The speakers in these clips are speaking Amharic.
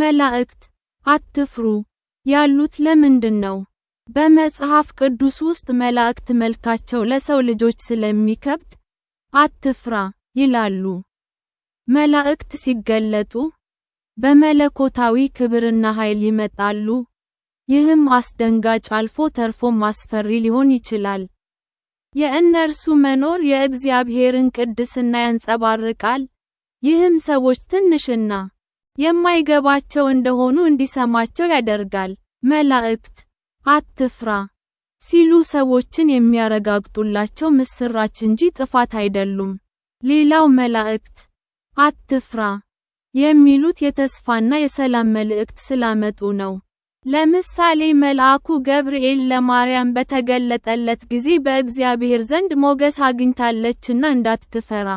መላእክት አትፍሩ ያሉት ለምንድን ነው? በመጽሐፍ ቅዱስ ውስጥ መላእክት መልካቸው ለሰው ልጆች ስለሚከብድ አትፍራ ይላሉ። መላእክት ሲገለጡ በመለኮታዊ ክብርና ኃይል ይመጣሉ። ይህም አስደንጋጭ አልፎ ተርፎም አስፈሪ ሊሆን ይችላል። የእነርሱ መኖር የእግዚአብሔርን ቅድስና ያንጸባርቃል። ይህም ሰዎች ትንሽና የማይገባቸው እንደሆኑ እንዲሰማቸው ያደርጋል። መላእክት አትፍራ ሲሉ ሰዎችን የሚያረጋግጡላቸው ምስራች እንጂ ጥፋት አይደሉም። ሌላው መላእክት አትፍራ የሚሉት የተስፋና የሰላም መልእክት ስላመጡ ነው። ለምሳሌ መልአኩ ገብርኤል ለማርያም በተገለጠለት ጊዜ በእግዚአብሔር ዘንድ ሞገስ አግኝታለችና እንዳትፈራ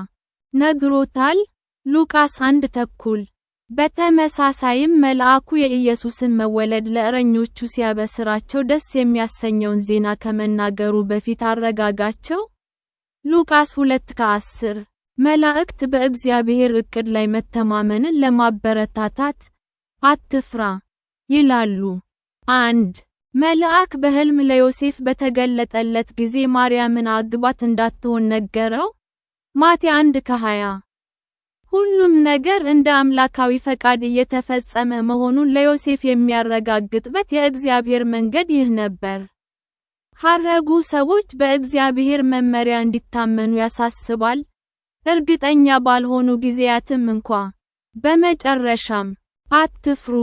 ነግሮታል። ሉቃስ አንድ ተኩል በተመሳሳይም መልአኩ የኢየሱስን መወለድ ለእረኞቹ ሲያበስራቸው ደስ የሚያሰኘውን ዜና ከመናገሩ በፊት አረጋጋቸው። ሉቃስ 2:10 መላእክት በእግዚአብሔር ዕቅድ ላይ መተማመንን ለማበረታታት፣ አትፍራ ይላሉ። አንድ መልአክ በሕልም ለዮሴፍ በተገለጠለት ጊዜ ማርያምን አግባት እንዳትሆን ነገረው። ማቴ 1:20 ሁሉም ነገር እንደ አምላካዊ ፈቃድ እየተፈጸመ መሆኑን ለዮሴፍ የሚያረጋግጥበት የእግዚአብሔር መንገድ ይህ ነበር። ሐረጉ ሰዎች በእግዚአብሔር መመሪያ እንዲታመኑ ያሳስባል፣ እርግጠኛ ባልሆኑ ጊዜያትም እንኳ። በመጨረሻም፣ አትፍሩ፣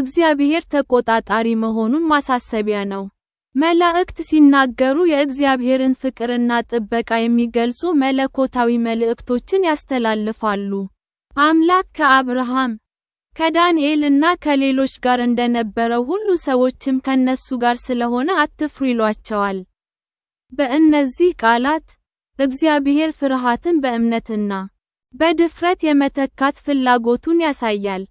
እግዚአብሔር ተቆጣጣሪ መሆኑን ማሳሰቢያ ነው። መላእክት ሲናገሩ የእግዚአብሔርን ፍቅርና ጥበቃ የሚገልጹ መለኮታዊ መልእክቶችን ያስተላልፋሉ። አምላክ ከአብርሃም፣ ከዳንኤልና ከሌሎች ጋር እንደነበረው ሁሉ ሰዎችም ከነሱ ጋር ስለሆነ አትፍሩ ይሏቸዋል። በእነዚህ ቃላት፣ እግዚአብሔር ፍርሃትን በእምነትና በድፍረት የመተካት ፍላጎቱን ያሳያል።